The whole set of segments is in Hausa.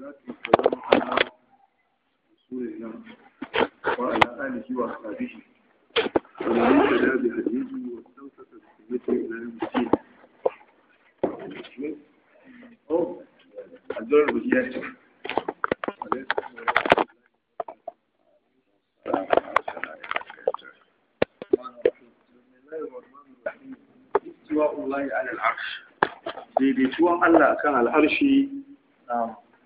salatu wassalamu ala rasulillah wa ala alihi wa ashabihi wa man tabi'a bi hadihi wa sawta tasbihati ila yawm al-din oh adoro o dia Allah ya ala al-arsh. Bibi tuwan Allah kan al-arshi.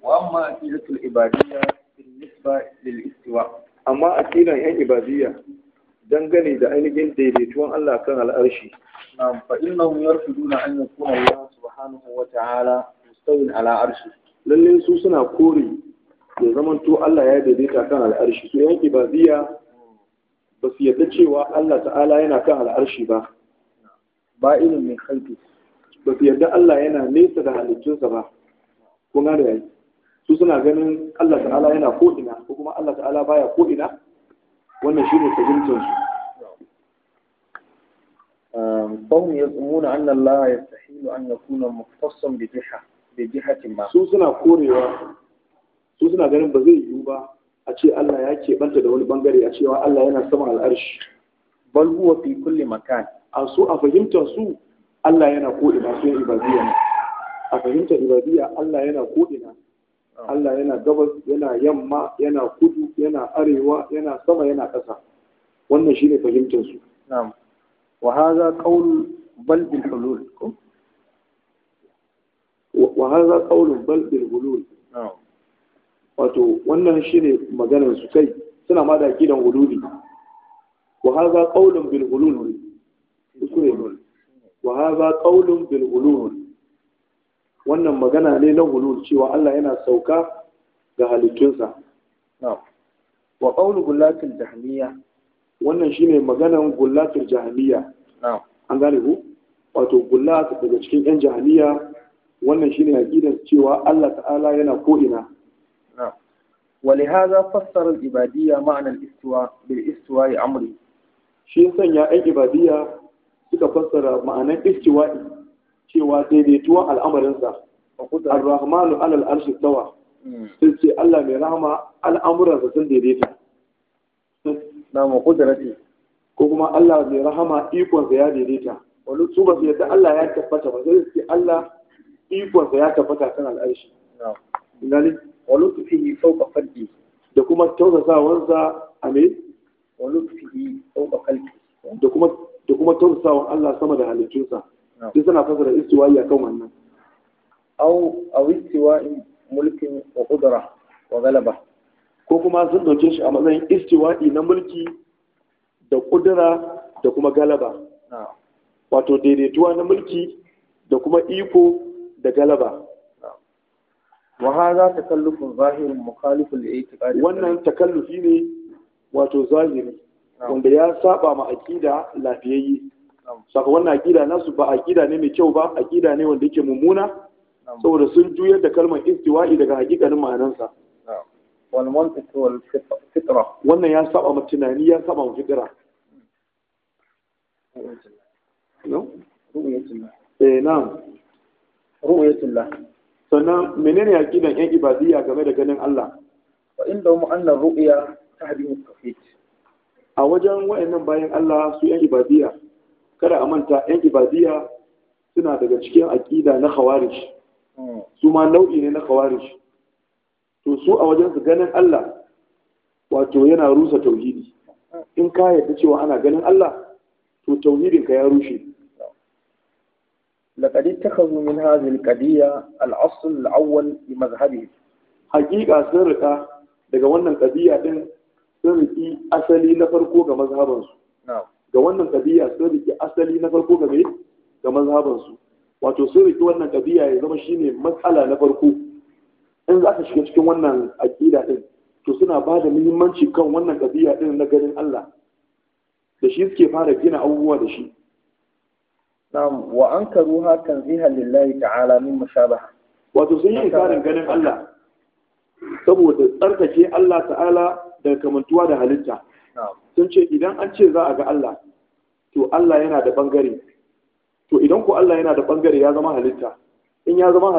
وأما عقيدة العبادية بالنسبة للاستواء أما عقيدة العبادية dangane da ainihin daidaituwan Allah kan al'arshi. Na'am fa innahum yarfiduna an yakuna Allah subhanahu wa ta'ala mustawin ala arshi. Lalle su suna kore da zamanto Allah ya daidaita kan al'arshi. Su yan ibadiya ba su yadda cewa Allah ta'ala yana kan al'arshi ba. Ba ilin min khalqi. Ba su yadda Allah yana nesa da halittunsa ba. Kun gane yayi. su suna ganin Allah ta'ala yana ko'ina, ko kuma Allah ta'ala baya ko ina wannan shine fahimtar su فهم ya أن الله يستحيل أن يكون مختصا بجهة بجهة ما su suna korewa su suna ganin ba zai yiwu ba a ce Allah ya ke banta da wani bangare a cewa Allah yana sama al'arshi bal huwa fi kulle makan a su a fahimtar su Allah yana ko'ina. ko ina sai ibadiyya a fahimtar ibadiyya Allah yana ko'ina. Ah. Allah yana gabas yana yamma yana kudu yana arewa yana sama yana ƙasa wannan shine fahimtar su na'am wa hadha qawl bal bil hulul wa hadha qawl bal bil hulul wato wannan shine maganar su kai suna ma da kidan hululi wa hadha qawlun bil hulul wa hadha qawlun bil hulul wannan magana ne na hulul cewa Allah yana sauka ga halittunsa wa ƙaunu gullatul jahmiya wannan ne maganan gullatul jahmiya an gane ku wato gullat daga cikin yan jahmiya wannan shi ne aqidar cewa Allah ta'ala yana ko'ina. haza ina ibadiyya ma'anar istuwa bil istuwa ya amri? shi sanya ‘yan ibadiyya suka fassara ma'anar istiwa'i cewa daidaituwan al'amarinsa al rahmanu alal arshi tawa, hmm. sun ce Allah mai rahama al'amuransa sun daidaita na mu ce. ko kuma Allah mai rahama ikonsa ya daidaita wani su ba su yadda Allah ya tabbata ba sai ce Allah ikonsa ya tabbata kan al'arshi gani wani su fi sauka faddi da kuma tausasawansa a me wani su fi sauka kalki da kuma tausasawan Allah sama da halittunsa sai suna fasara a kan wannan au au istiwa'in mulkin wa qudra wa galaba ko kuma sun dauke shi a matsayin istiwa'i na mulki da ƙudura da kuma galaba wato daidaituwa na mulki da kuma iko da galaba wa hadha takallufun zahirin mukhalifun li i'tiqadi wannan takallufi ne wato zahiri wanda ya saba ma aqida lafiyayye saka wannan aqida nasu ba aqida ne mai kyau ba aqida ne wanda yake mummuna saboda sun juyar da kalmar istiwa'i daga hakikanin ma'anansa wannan ya saba ma tunani ya saba ma fitra no ru'yatullah eh na'am ru'yatullah sannan menene aqidan yan ibadiyya game da ganin Allah inda mu anna ru'ya tahdimu tawhid a wajen wayannan bayan Allah su yan ibadiyya kada a manta yan ibadiyya suna daga cikin aqida na khawarij su ma nau'i ne na shi. to su a wajen su ganin Allah wato yana rusa tauhidi in ka yadda cewa ana ganin Allah to tauhidin ka ya rushe لقد اتخذوا من هذه القضية الأصل الأول لمذهبهم حقيقة سرقة daga wannan ƙabiya ɗin sun riƙi asali na farko ga mazhabansu. Ga wannan sun asali na farko ga mazhabansu. wato sun rike wannan ƙabiya ya zama shine matsala na farko in za ka shiga cikin wannan aqida ɗin to suna ba da muhimmanci kan wannan ƙabiya din na ganin Allah da shi suke fara gina abubuwa da shi na'am wa ankaruha tanzihan lillahi ta'ala min mushabaha wato sun yi inkarin ganin Allah saboda tsarkake Allah ta'ala daga kamantuwa da halitta sun ce idan an ce za a ga Allah to Allah yana da bangare to idan ko Allah yana da bangare ya zama halitta in ya zama